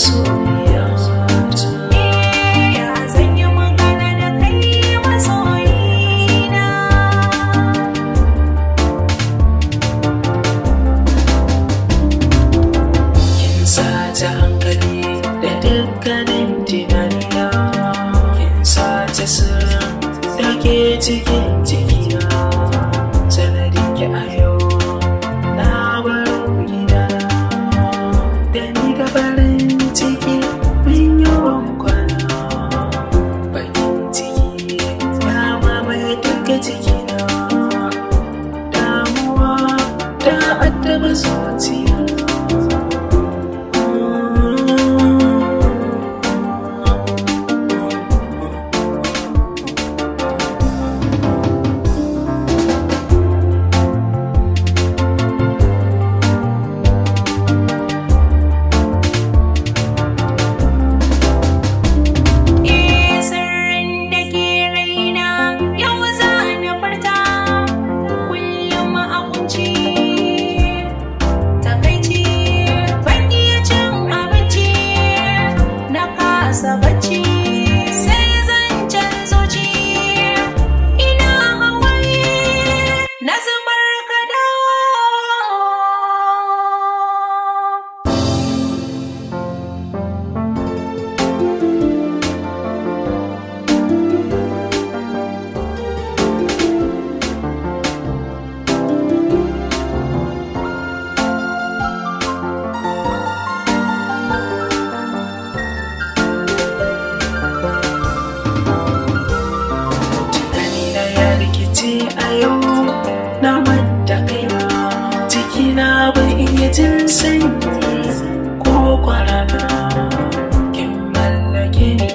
azul. na ban iya jin sanyi ko kwarana kin mallake ni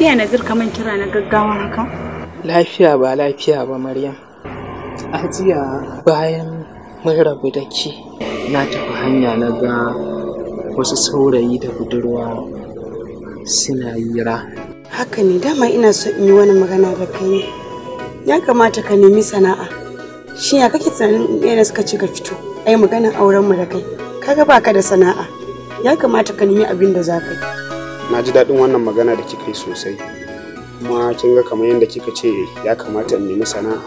lafiya zirka man kira na gaggawa haka? Lafiya ba lafiya ba Maryam. A jiya bayan mun rabu da ke na tafi hanya na ga wasu saurayi da budurwa suna yira. Haka ne dama ina so in yi wani magana da kai. Ya kamata ka nemi sana'a. Shin ya kake tunanin in suka ci ka fito? Ai maganar auren mu da kai. Kaga baka da sana'a. Ya kamata ka nemi abin da za ka yi. na ji daɗin wannan magana da kika yi sosai kuma kin ga kamar yadda kika ce ya kamata in nemi sana'a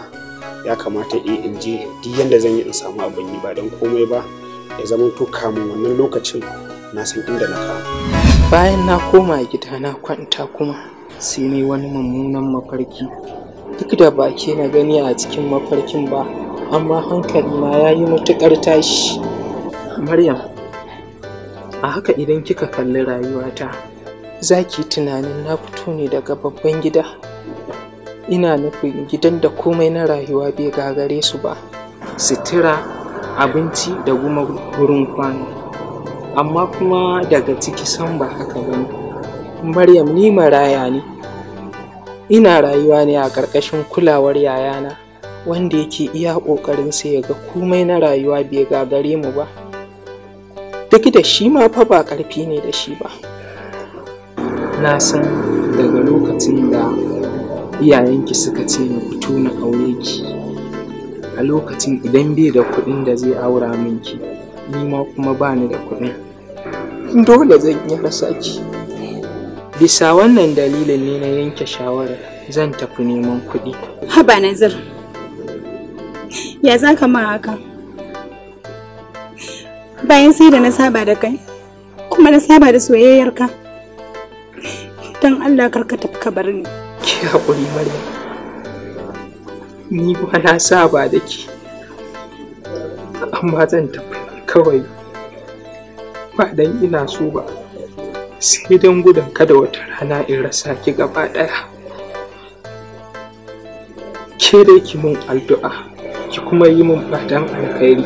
ya kamata eh in je duk yadda zan yi in samu abin yi ba don komai ba ya zama to kamun wannan lokacin na san inda na kama. bayan na koma gida na kwanta kuma sai ni wani mummunan mafarki duk da ba ke na gani a cikin mafarkin ba amma hankali ma ya yi matuƙar tashi maryam a haka idan kika kalli rayuwata za ki yi tunanin na fito ne daga babban gida ina nufin gidan da komai na rayuwa bai gagare su ba Sitira, abinci da kuma wurin kwana. amma kuma daga ciki san ba haka ba ne maryam ni maraya ne ina rayuwa ne a ƙarƙashin kulawar yayana wanda yake iya ƙoƙarinsa ya ga komai na rayuwa bai gagare mu ba duk da shi ma fa ba ƙarfi ne da shi ba na san daga lokacin da iyayenki suka ce na fito na aure ki a lokacin idan bai da kuɗin da zai aura minki ni ma kuma ba ni da kuɗin dole zan yi rasa ki bisa wannan dalilin ne na yanke shawarar zan tafi neman kuɗi haba nazar. ya za ka ma haka bayan sai da na saba da kai kuma na saba da soyayyarka don Allah kar ka tafi ka bar ni. Ki haƙuri Maryam. Ni ba na saba da ki. Amma zan tafi kawai. Ba dan ina so ba. Sai don gudun kada wata rana in rasa ki gaba ɗaya. Ke dai ki mun addu'a ki kuma yi mun fatan alkhairi.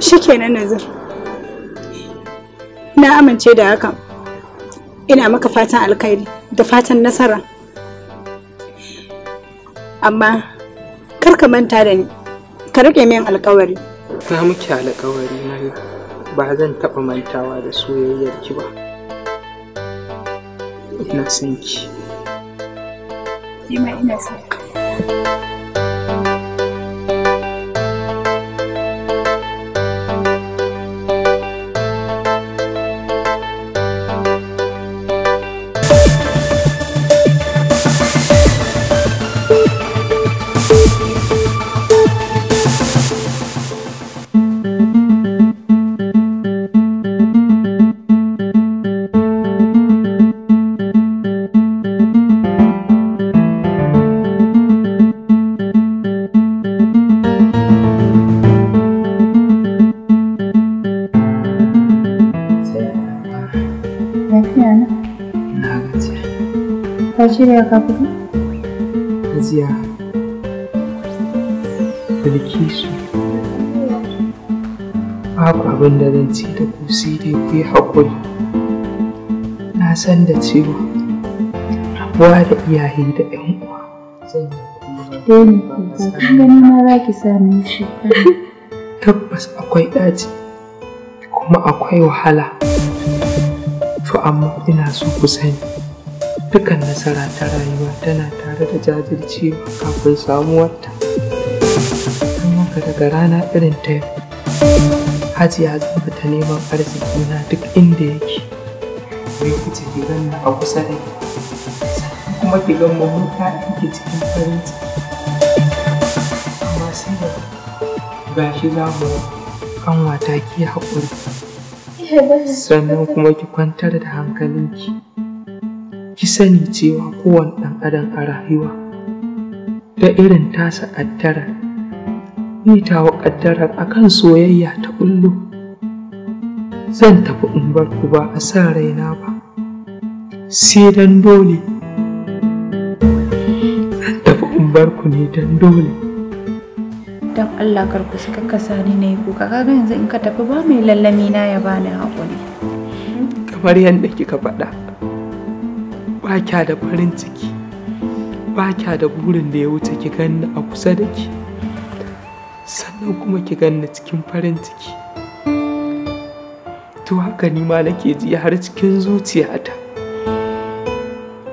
Shikenan nazar? Na amince da hakan. Ina maka fatan alkhairi. da fatan nasara amma kar ka manta da ni ka rike min alkawari na miki alkawari na ba zan taɓa mantawa da soyayyarki ba ina son ki ina son Yaya su, fito? Hajiya. Bilkisu. Babu abin da zan ce da ku sai dai ku yi haƙuri. Na san da cewa rabuwa da iyaye da ƴan uwa zan yi Dole kuka kun gani ma za ki sami shi. Tabbas akwai ɗaci kuma akwai wahala. To amma ina so ku sani. dukkan nasara ta rayuwa tana tare da jajircewa kafin samuwarta An maka daga rana irin ta yau hajiya zama ta neman arziki na duk inda yake mai kuce gidan na a kusa da kuma gidan mamuta ake cikin farin ciki amma sai da shi za mu wata ki haƙuri sannan kuma ki kwantar da hankalinki ki sani cewa kowane ɗan adam a rayuwa da irin tasa addara ni tawa a kan soyayya ta ƙullo zan tafi in bar ku ba a san raina ba sai dan dole zan tafi in bar ku ne dan dole dan Allah kar ku saka kasa ni na yi kuka kaga yanzu in ka tafi ba mai lallami na ya bani haƙuri kamar yadda kika faɗa ba kya da farin ciki ba da burin da ya wuce ki ganni a kusa da ki sannan kuma ki ganni cikin farin ciki to haka ni ma nake ji har cikin zuciyata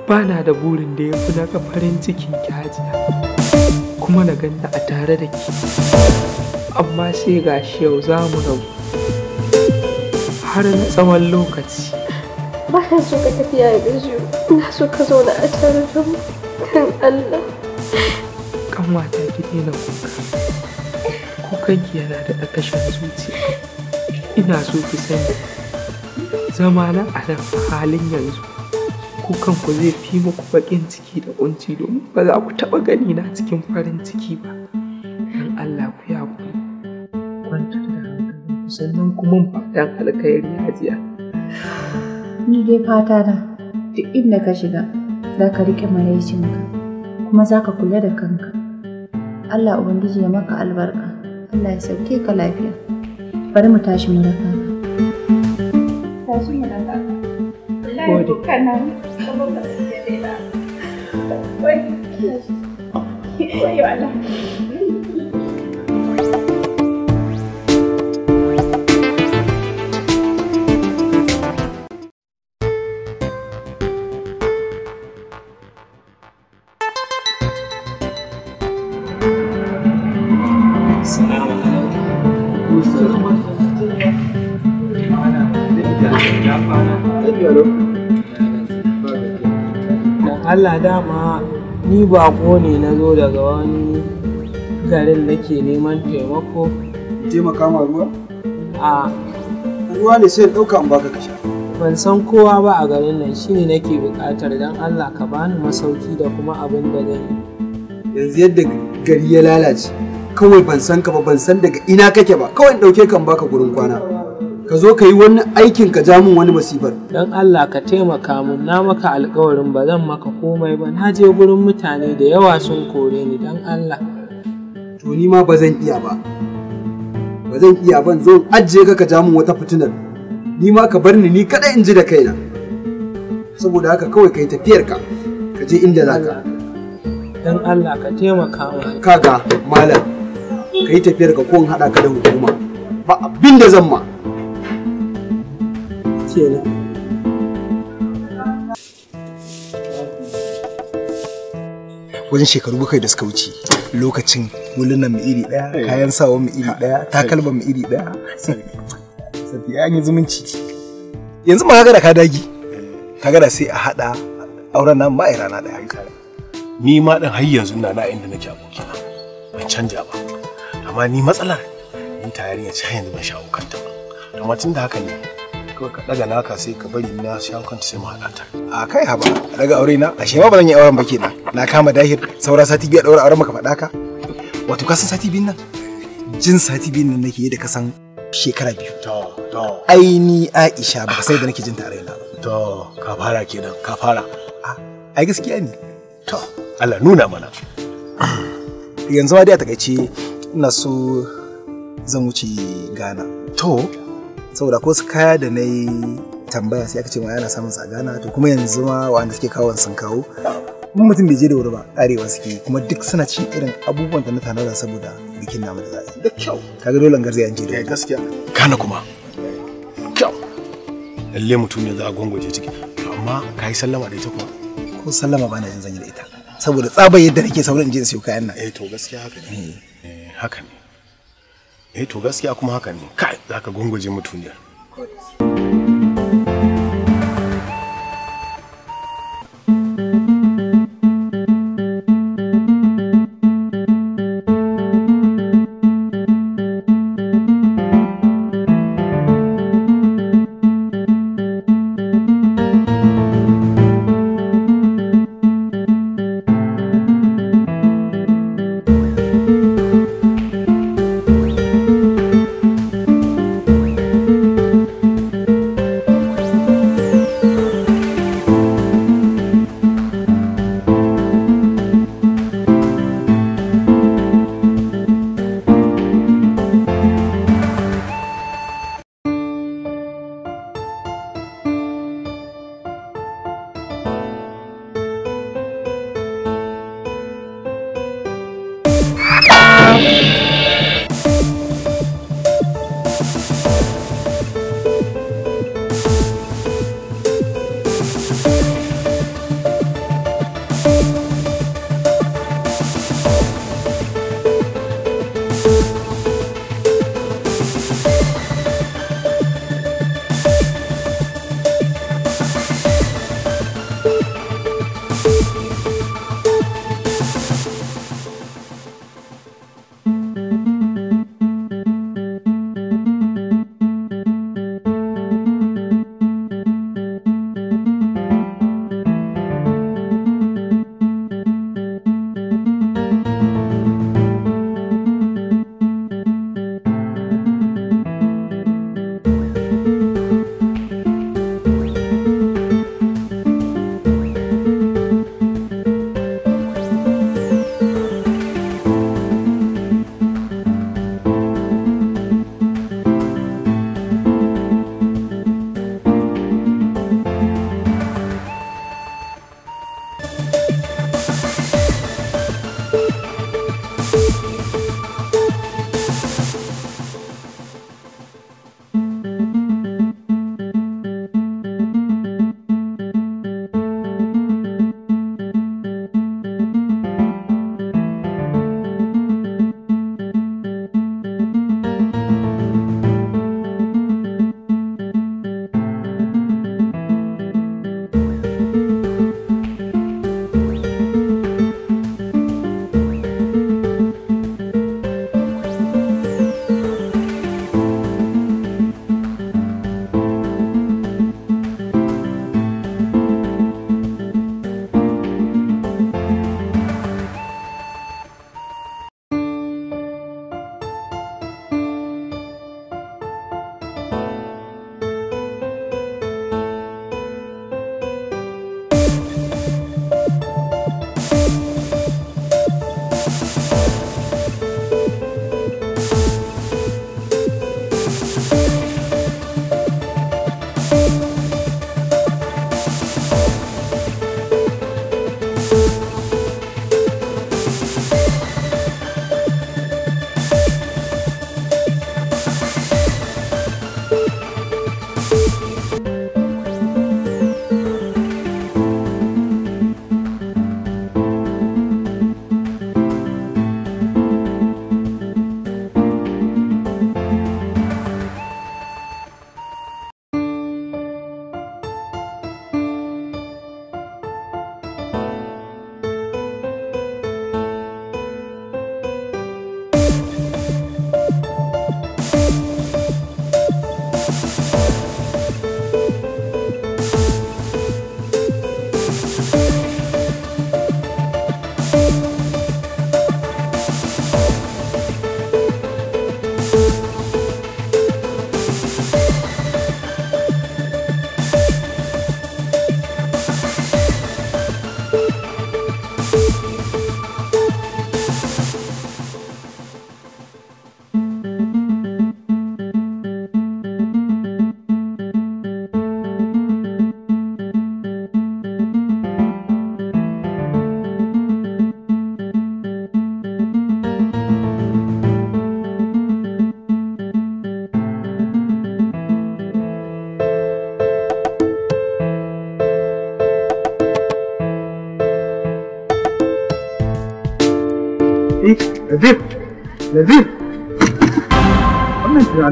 ba na da burin da ya fi na farin cikin ki hajiya kuma na ganni a tare da ki amma sai gashi yau za mu rabu har na tsawon lokaci ba na so tafiya da shi na so ka zauna a tare da mu kan Allah kanwata ki daina kuka kukanki yana da ƙarƙashin zuciya ina so ki sani zamana a nan halin yanzu kukan ku zai fi muku baƙin ciki da ƙunci domin ba za ku taɓa gani na cikin farin ciki ba Dan Allah ku ya ku kwantar da hankali sannan kuma ba dan alkhairi hajiya ni dai fata na duk inda ka shiga za ka riƙe maraicinka kuma za ka kula da kanka Allah Ubangiji ya maka albarka Allah ya sauke ka lafiya bari mu tashi mu raka tashi mu raka wallahi dukkanin saboda da da wai wai Allah Allah dama ni bako ne na zo daga wani garin da ke neman taimako. Taimaka ma ruwa? A. Ruwa ne sai ɗauka in baka kashe. Ban san kowa ba a garin nan shine nake buƙatar don Allah ka bani masauki da kuma abin da zan yi. Yanzu yadda gari ya lalace. kawai ban san ka ba ban san daga ina kake ba kawai ɗauke kan baka gurin kwana ka zo ka yi wani aikin ka ja min wani masifar dan Allah ka taimaka mun na maka alƙawarin ba zan maka komai ba na je gurin mutane da yawa sun kore ni dan Allah to ni ma ba zan iya ba ba zan iya ban zo ajiye ka ka ja min wata fitinar ni ma ka bar ni ni kada in ji da kaina saboda haka kawai kai tafiyar ka ka je inda zaka dan Allah ka taimaka mun kaga malam ka yi tafiyar ka ko in haɗa ka da hukuma ba abin da zan ma wajen shekaru bakwai da suka wuce lokacin wulunan mu iri daya eh. kayan sawa mu iri daya eh. takalma mu iri daya an yi zumunci yanzu ma kaga da ka dagi kaga da sai a haɗa auren nan ma a rana daya ni ma din har yanzu ina na inda nake abokina ban canja ba amma ni matsalar ni ta yarinya ce yanzu ban shawo kanta ba amma tun da haka ne kawai ka daga naka sai ka bari na shawo kanta sai mu ta a kai haba daga aure na ashe ma ba zan yi auren ba kenan na kama dahir saura sati biyu a daura auren maka faɗa ka wato ka san sati biyun nan jin sati biyun nan nake da ka san shekara biyu to to ai ni Aisha ba sai da nake jin ta raina ba to ka fara kenan ka fara ai gaskiya ne to Allah nuna mana yanzu ma dai a takaice ina so zan wuce Ghana. To, saboda ko su kaya da na yi tambaya sai aka ce ma yana samun sa Ghana to kuma yanzu ma wanda suke kawo sun kawo. Mun mutum bai je da wuri ba arewa suke kuma duk suna cin irin abubuwan da na tanada saboda bikin namu da za'a. Da ka ga dole an garzaya an je da eh, gaskiya. Ghana kuma. Kyau. Lalle mutum yanzu za a gwangwaje ciki. Amma ka yi sallama da ita kuma. Ko sallama ba na jin zan yi da ita. Saboda tsabar yadda nake sauran jinsi je kayan nan. Eh to gaskiya haka ne. Eh. haka ne eh to gaskiya kuma haka ne kai zaka gunguje mutuniyar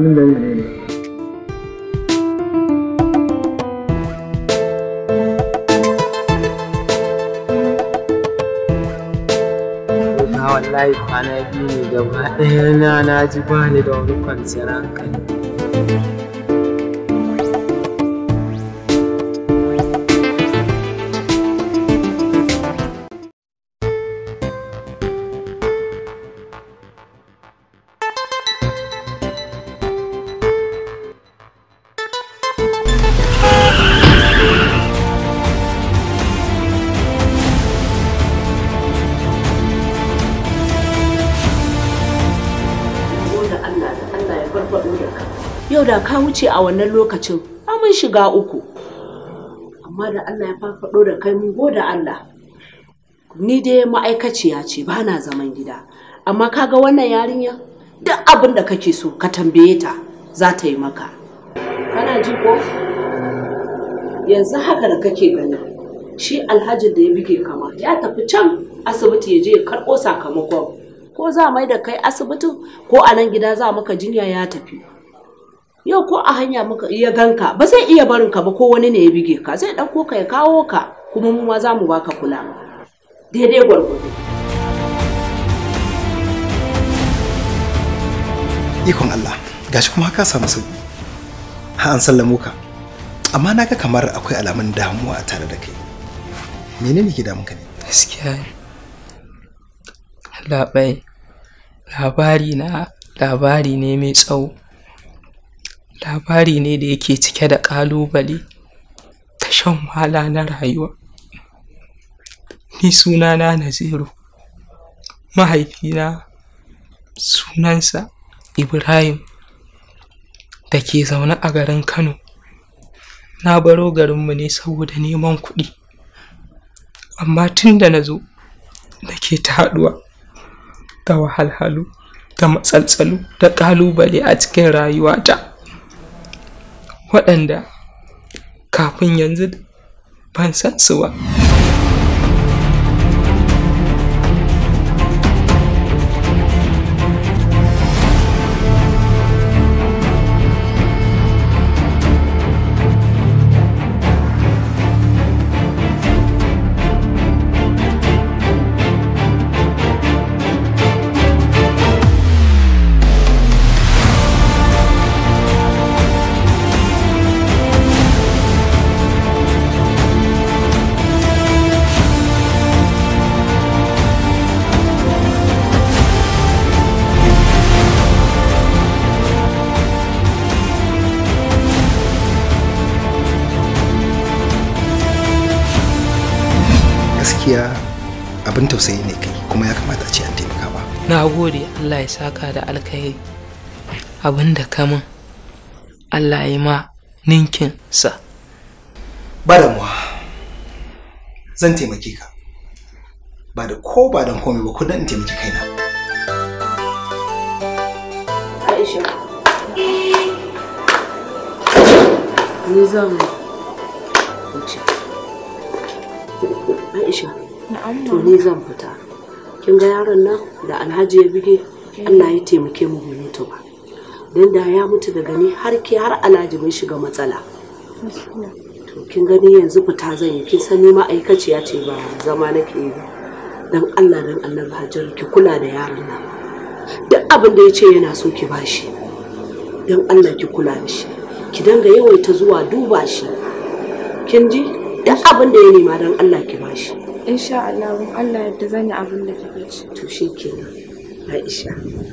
tsakanin gari da gari wallahi kwana biyu ne gaba ɗaya na na ji bani da wani kwanciyar hankali wuce a wannan lokacin mun shiga uku amma da Allah ya farfado da kai mun goda Allah ni dai ma'aikaciya ce ba na zaman gida amma kaga wannan yarinya duk abin da kake so ka tambaye ta za ta yi maka kana ji ko yanzu haka da kake gani shi alhaji da ya bige kama ya tafi can asibiti ya je ya karɓo sakamakon ko za mai da kai asibitin ko a nan gida za maka jinya ya tafi yau ko a hanya muka iya ganka ba zai iya barin ka ba ko wani ne ya bige ka zai ɗauko ka ya kawo ka kuma mu ma za mu baka kula daidai gwargwado ikon Allah gashi kuma haka samu sauki ha an sallamo ka amma na ga kamar akwai alamun damuwa a tare da kai menene ke damun ka ne gaskiya labai labari na labari ne mai tsawo labari ne da yake cike da ƙalubale ta shan wahala na rayuwa ni sunana naziru mahaifina sunansa ibrahim da ke zaune a garin kano na baro garinmu ne saboda neman kuɗi amma tun da na zo da ke ta haɗuwa da wahalhalu da matsaltsalu da ƙalubale a cikin rayuwata waɗanda kafin yanzu ban san su ba gaskiya abin tausayi ne kai kuma ya kamata a ce an taimaka ba na gode allah ya saka da alkhairi abin da kama allah ya ma ninkin sa ba da muwa zan taimake ka ba da ko ba don komai ba kudin in taimaki kaina Aisha, ni zan Aisha to ni zan fita kin ga yaron nan da Alhaji ya bige eh. Allah ya taimake mu mu mutu ba dan da ya mutu daga ni har ke har Alhaji bai shiga matsala to kin gani yanzu fita zan yi kin sani ma'aikaciya ce ba zama nake yi dan Allah dan Annabi Hajar ki kula da yaron nan duk abin da ya ce yana so ki bashi dan Allah ki kula da shi ki danga yawaita zuwa duba shi kin ji duk abin da ya nema don Allah ki bashi insha Allah Allah yadda zan yi abin da kike ci to kenan Aisha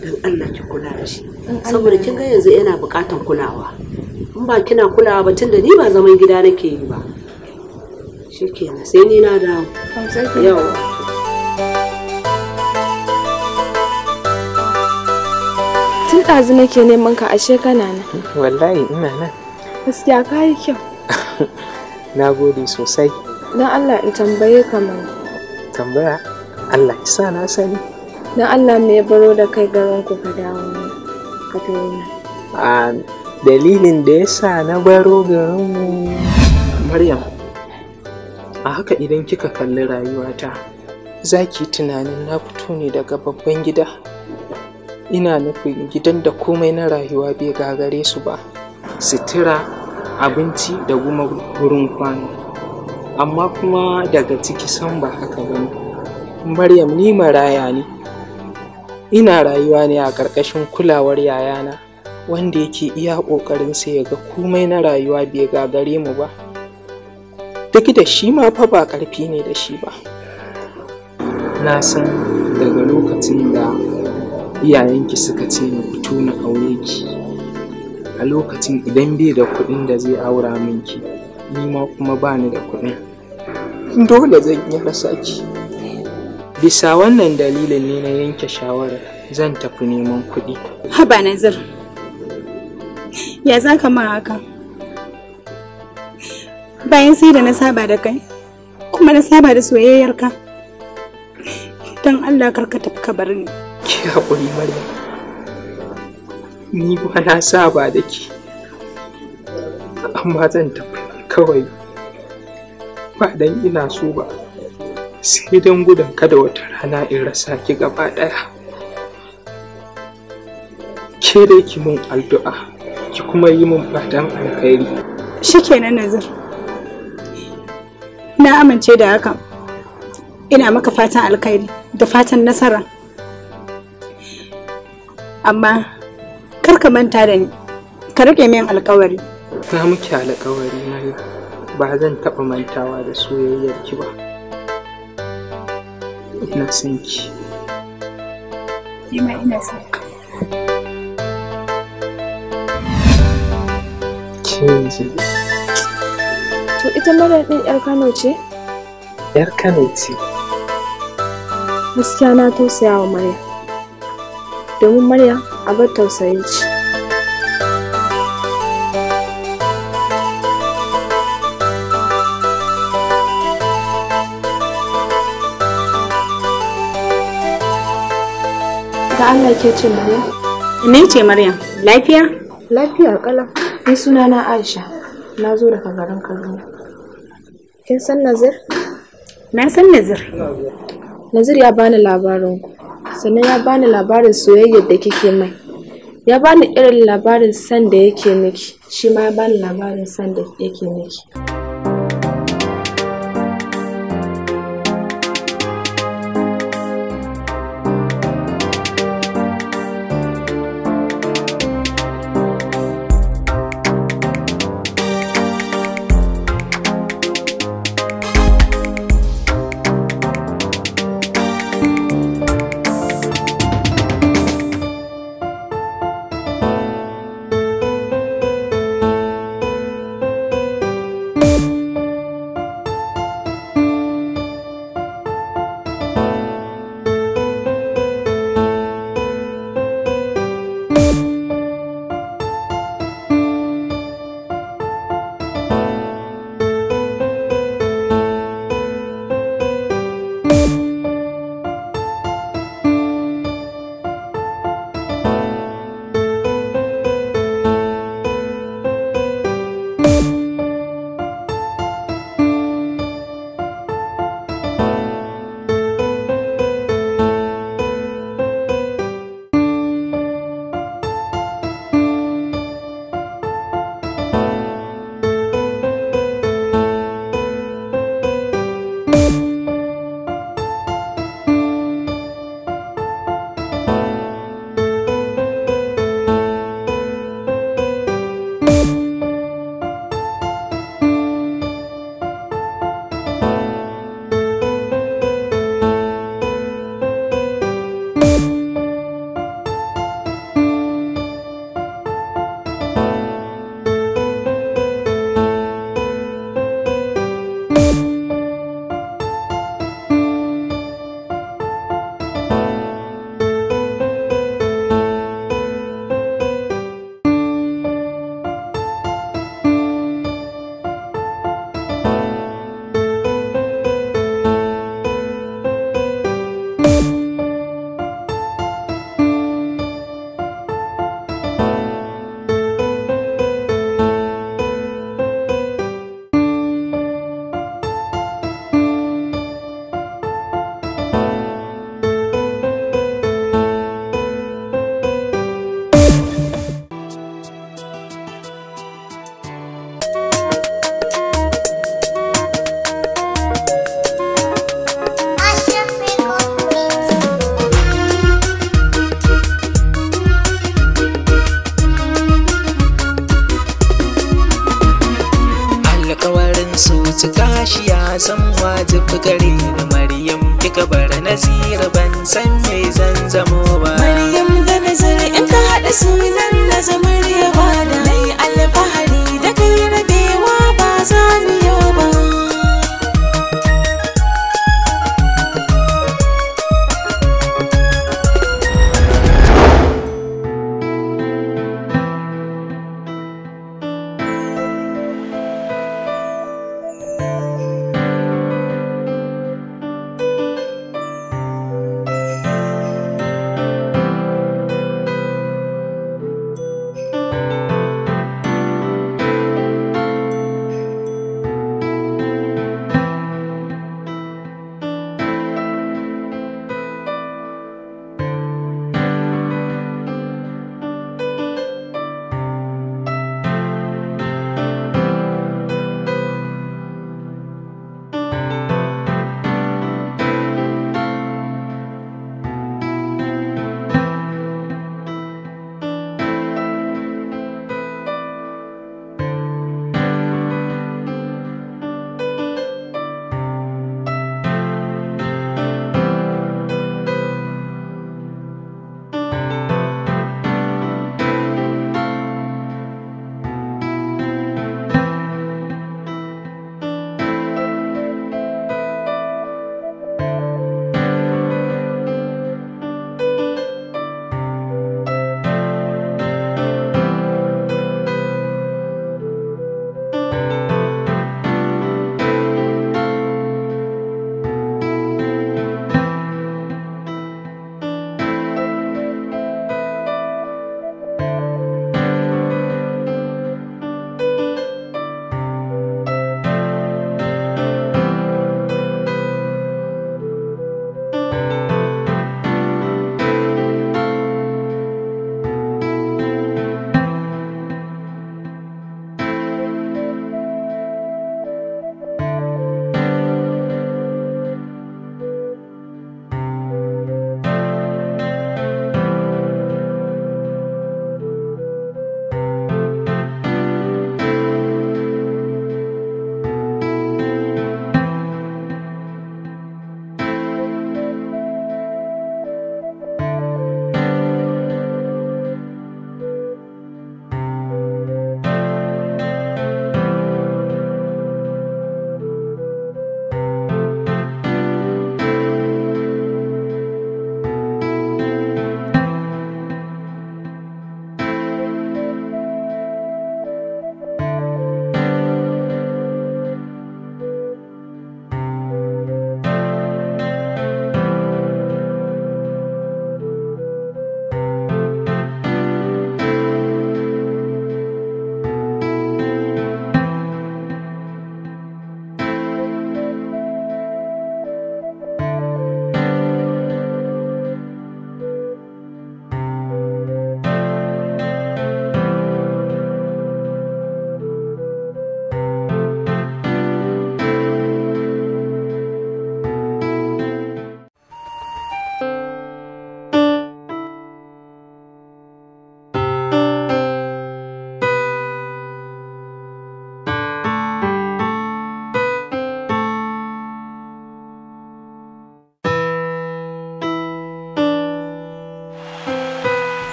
don Allah ki kula da shi saboda kin ga yanzu yana bukatan kulawa in ba kina kulawa ba tunda ni ba zaman gida nake yi ba shikenan sai ni na dawo Yau. tun ɗazu nake neman ka ashe kana nan wallahi ina nan gaskiya ka yi kyau na gode sosai na Allah in tambaye ka mai tambaya Allah isa na sani na Allah me ya baro da kai garin ku ka dawo ka tauna a dalilin da yasa na baro garin mu Maryam a haka idan kika kalli rayuwata za ki tunanin na fito ne daga babban gida ina nufin gidan da komai na rayuwa bai gagare su ba sitira abinci da kuma wurin kwana amma kuma daga ciki san ba haka ba maryam ni maraya ne ina rayuwa ne a ƙarƙashin kulawar yayana wanda yake iya sai ya ga komai na rayuwa bai gagare mu ba duk da shi ma fa ba ƙarfi ne da shi ba na san daga lokacin da iyayenki suka ce mu fito na aure a lokacin idan bai da kuɗin da zai aura minki ni ma kuma ba ni da kuɗin dole zan yi rasa ki bisa wannan dalilin ne na yanke shawarar zan tafi neman kuɗi haba nazir ya za ka ma haka bayan sai da na saba da kai kuma na saba da soyayyarka don allah karka tafi ka bar ni ki haƙuri maryam ni ba na saba da ke amma zan tafi kawai ba dan ina so ba sai don gudun kada wata rana in rasa ki gaba daya ke da ki mun addu'a ki kuma yi mun fatan alkhairi shikenan nazar? na amince da hakan ina maka fatan alkhairi da fatan nasara amma kar ka manta da ni ka rike min alkawari na miki alkawari na ba zan taɓa mantawa da soyayyar ki ba ina son ki ina son ka To ita mara ɗin 'yar Kano ce? 'Yar Kano ce. Gaskiya na tausaya wa Maryam. Domin Maryam abar tausayi ce ta Allah ke ce Maryam ne ce Maryam lafiya lafiya kala ni suna na Aisha na zo daga garin Kaduna kin san Nazir na san Nazir Nazir ya bani labarin ku sannan ya bani labarin soyayya da kike mai ya bani irin labarin san da yake miki shi ma ya bani labarin san da yake miki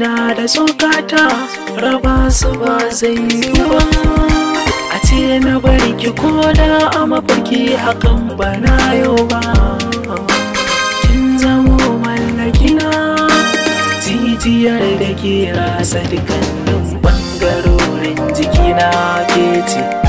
na da tsokata raba su ba zai yi ba a ce na bari ki koda a mafarki hakan ba na yau ba kin zamo mallakina titiyar da ke rasa dukkanin bangarorin jikina ke ce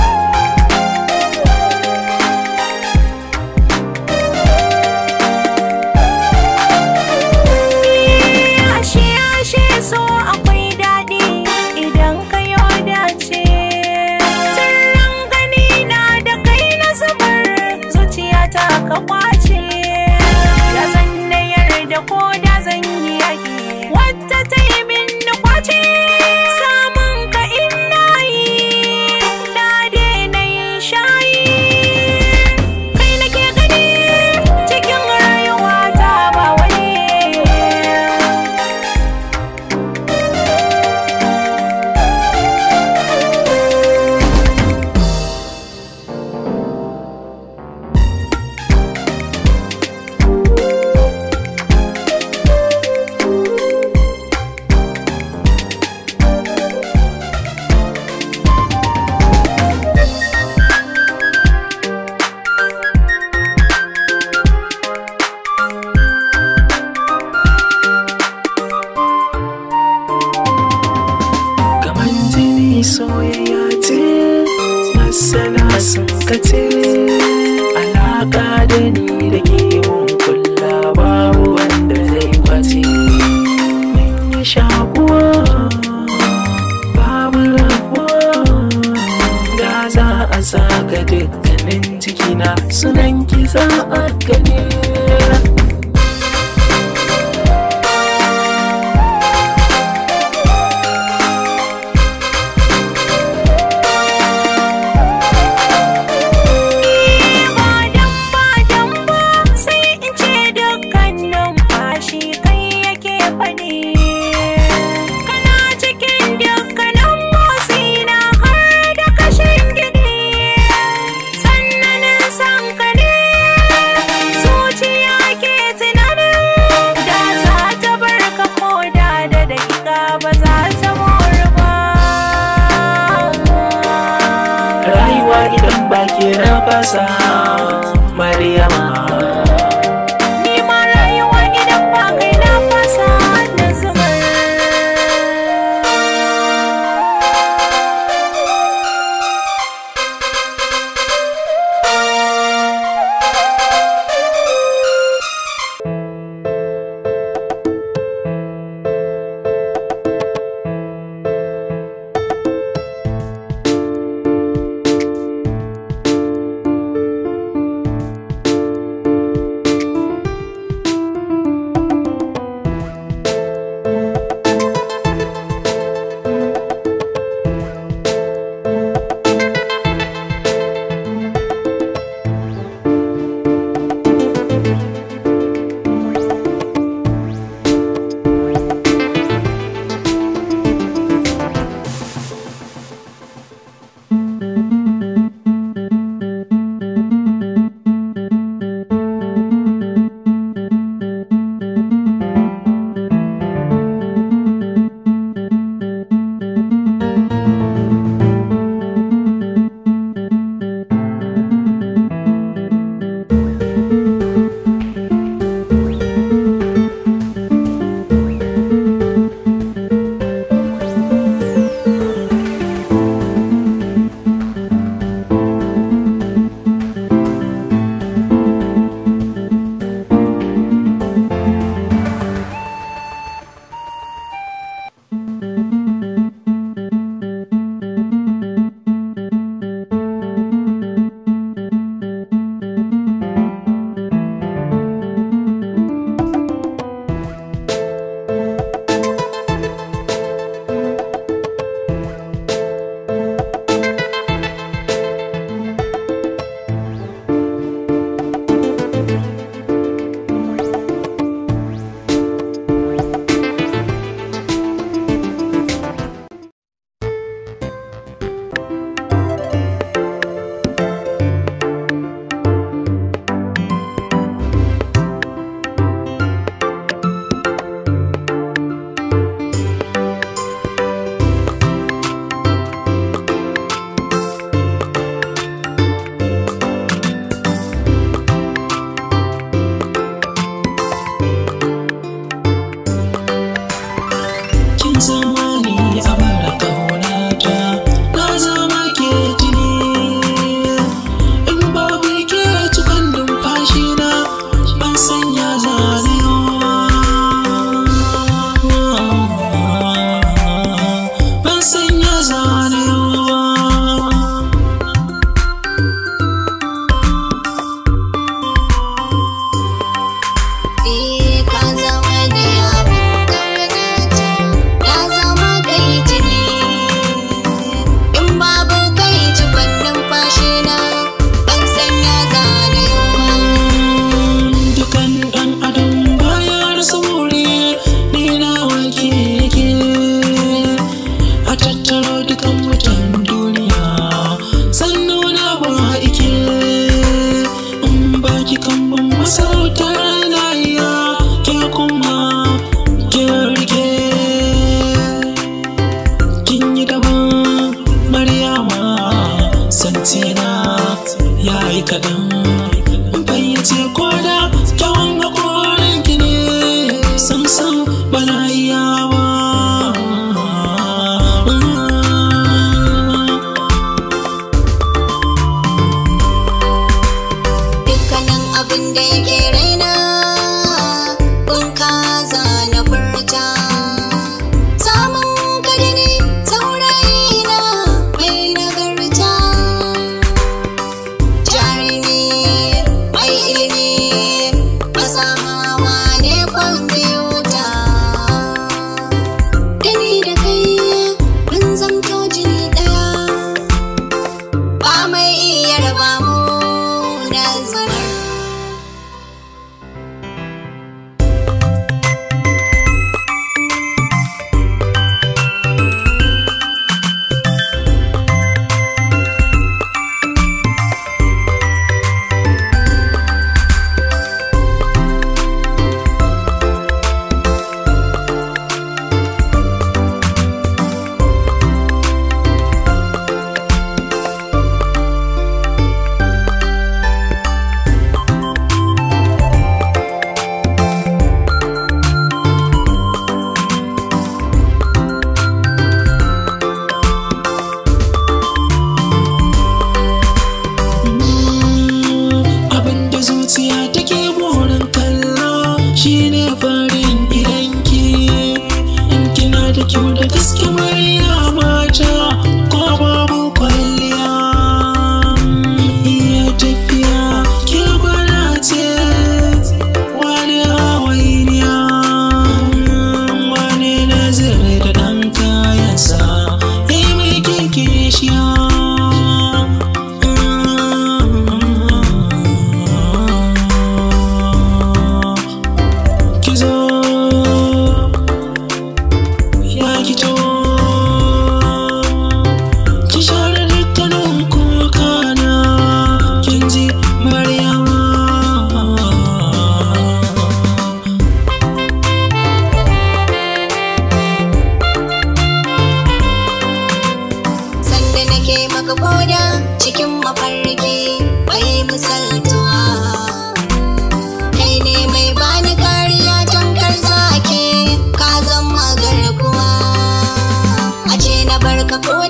какой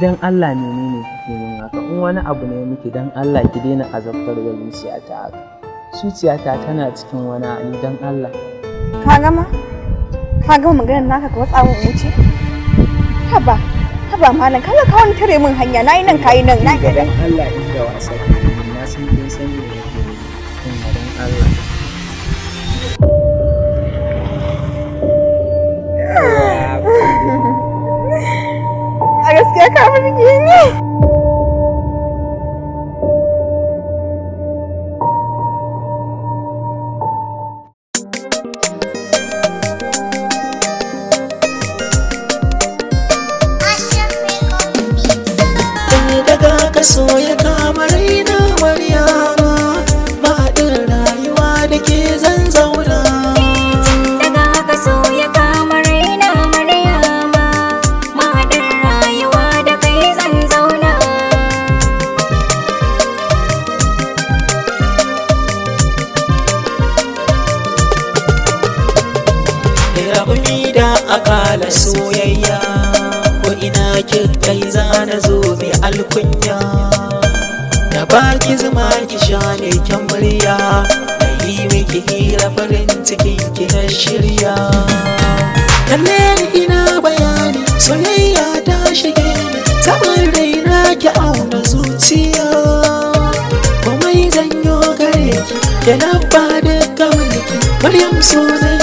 dan Allah ne kuke yin haka in wani abu ne miki dan Allah ki daina azabtar da zuciyata haka zuciyata tana cikin wani hali dan Allah ka gama ka gama maganar naka ka watsa mu wuce haba haba malam kaga ka wani tare min hanya nayi nan kayi nan na ga dan Allah inda wasa shirya na yi miki hira farin cikin ki na shirya kalle ina bayani soyayya ta shige ni zaman raina ki auna zuciya komai zanyo gare ki ya labba da kamar ki maryam sunan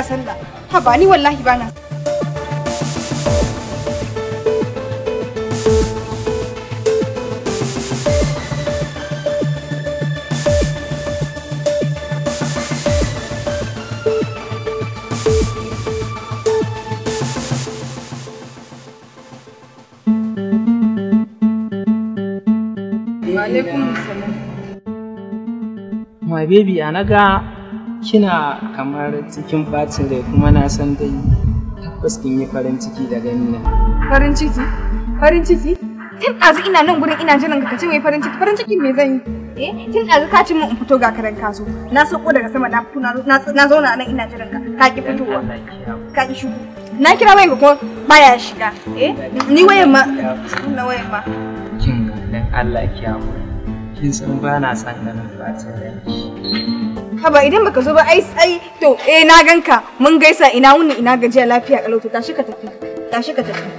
kira sallah haba ni wallahi bana Wa bebi a naga kina kamar cikin bacin rai kuma na san dai tabbas kin yi farin ciki da gani na. Farin ciki? Farin ciki? Tun ɗazu ina nan gurin ina jiran ka ce mai farin ciki farin ciki me zan yi? Eh tun ɗazu ka ci min in fito ga karen kaso na sauko daga sama na fito na zauna nan ina jiran ka ka ki fitowa ka ki shigo. Na kira wayan ko baya shiga eh ni wayan ma na wayan ma. Kin ga Allah ki hamu. Kin san ba na san ganin bacin rai. Haba idan baka zo ba ai sai to eh na ganka mun gaisa ina wuni ina gajiya lafiya kalau to tashi ka tafi. Tashi ka tafi.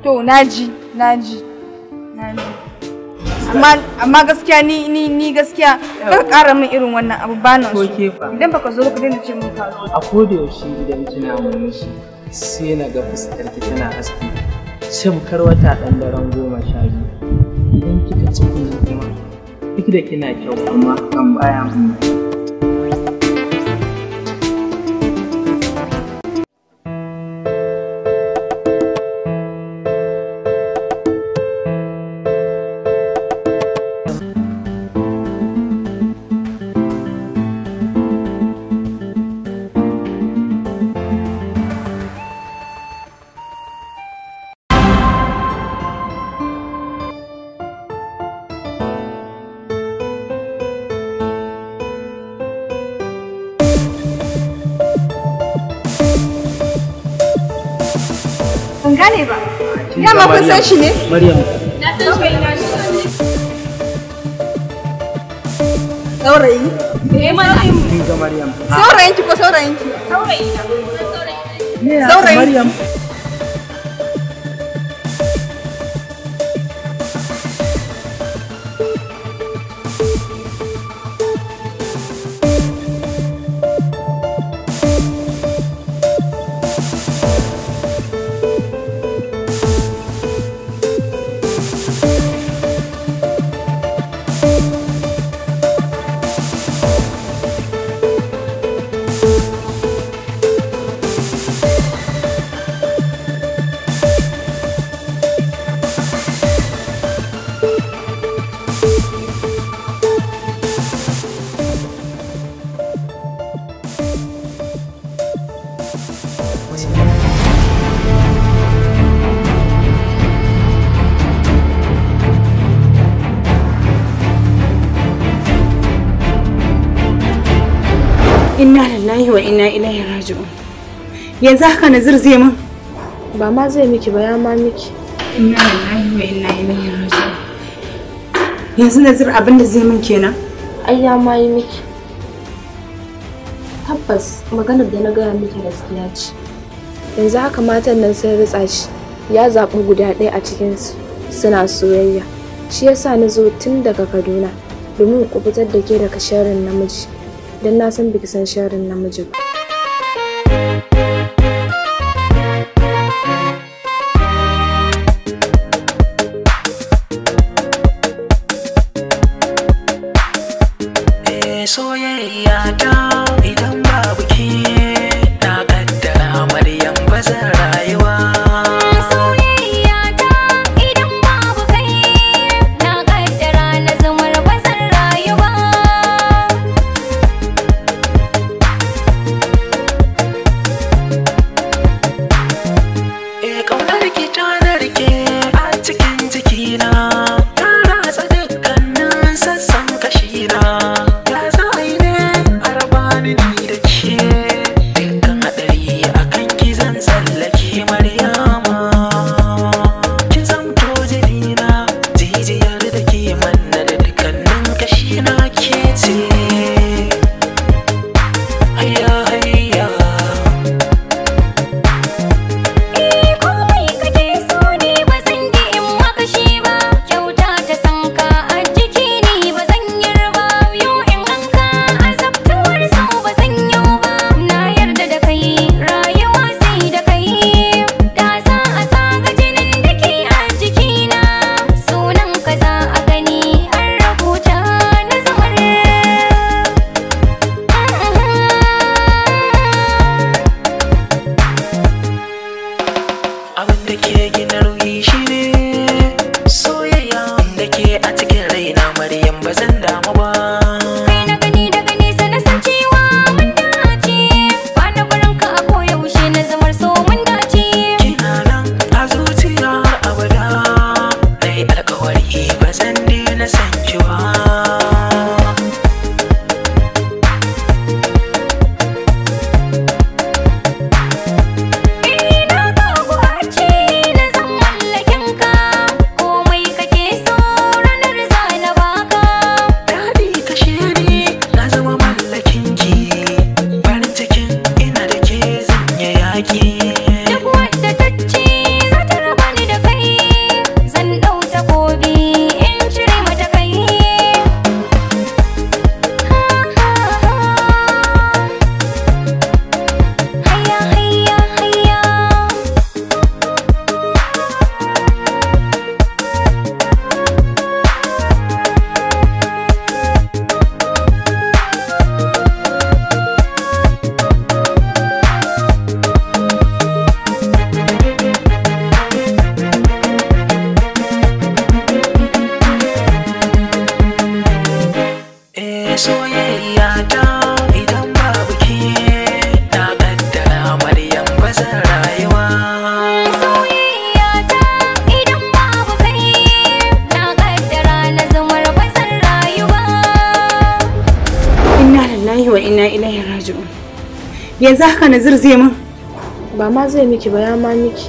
To naji naji naji. amma amma gaskiya ni ni ni gaskiya ka ƙara min irin wannan abu ba na so idan baka zo ka daina ce mun ka zo a koda yaushe idan kina shi. sai na ga fuskarki tana haske tamkar wata ɗan daren goma sha biyu idan kika ci kuma duk da kina kyau amma kan baya mun Né? nashi sorrente sorrente na sorrente sorrente nashi saurayi eh maryam kin ga maryam saurayin ki ko saurayin ki saurayi na saurayi maryam yanzu haka na zai min ba ma zai miki ba ya ma miki inna lillahi wa inna ilaihi raji'un yanzu nazir abin da zai min kenan ai ya ma yi miki tabbas maganar da na gaya miki gaskiya ce yanzu haka matan nan sun ritsa shi ya zaɓi guda ɗaya a cikinsu suna soyayya shi yasa na zo tun daga kaduna domin ku fitar da ke daga sharrin namiji don na san biki san sharin namiji ba lillahi wa inna ilaihi raji'un yanzu haka nazir zirze min ba ma zai miki ba ya ma miki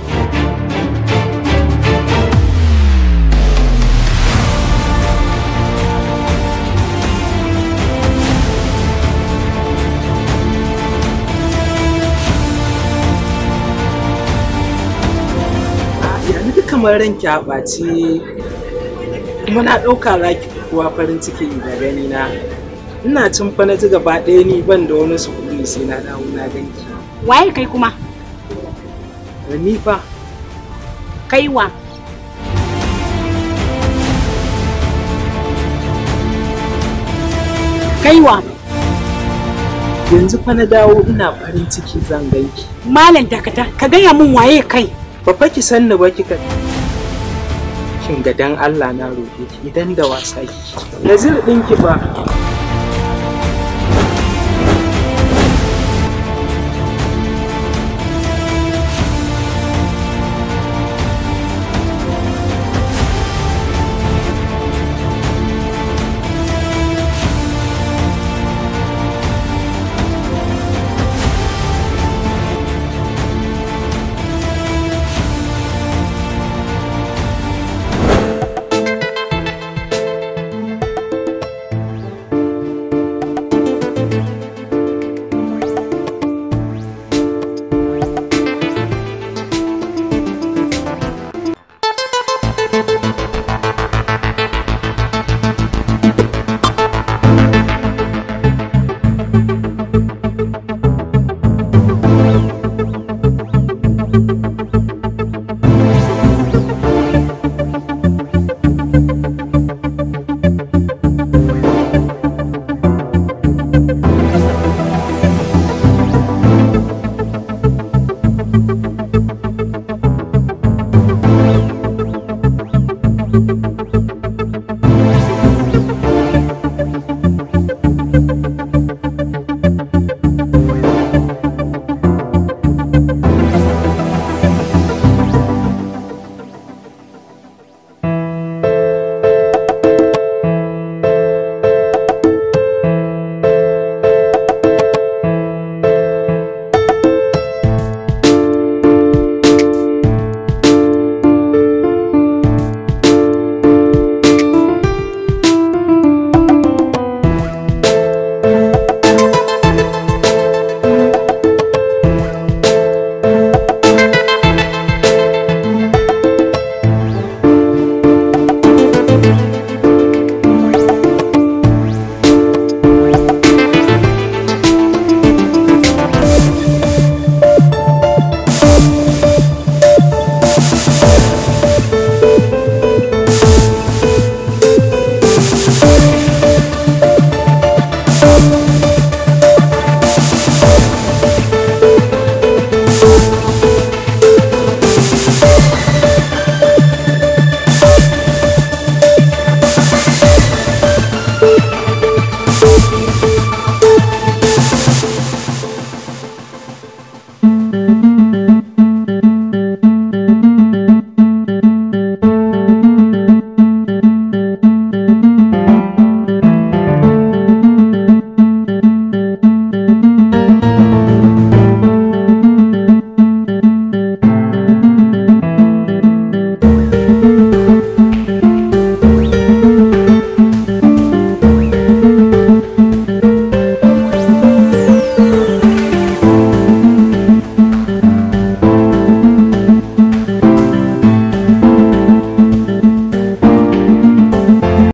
ah, kamar ranki a ɓaci kuma na ɗauka za ki kuwa farin ciki da gani na ina cin fa na ji gaba ɗaya ni ban da wani sukuni sai na dawo na ganki waye kai kuma ni fa kaiwa kaiwa yanzu fa na dawo ina farin ciki zan ganki malam dakata ka gaya min waye kai ba fa ki sanni ba kika kin ga dan Allah na roke ki idan da wasa ki nazir ɗinki ba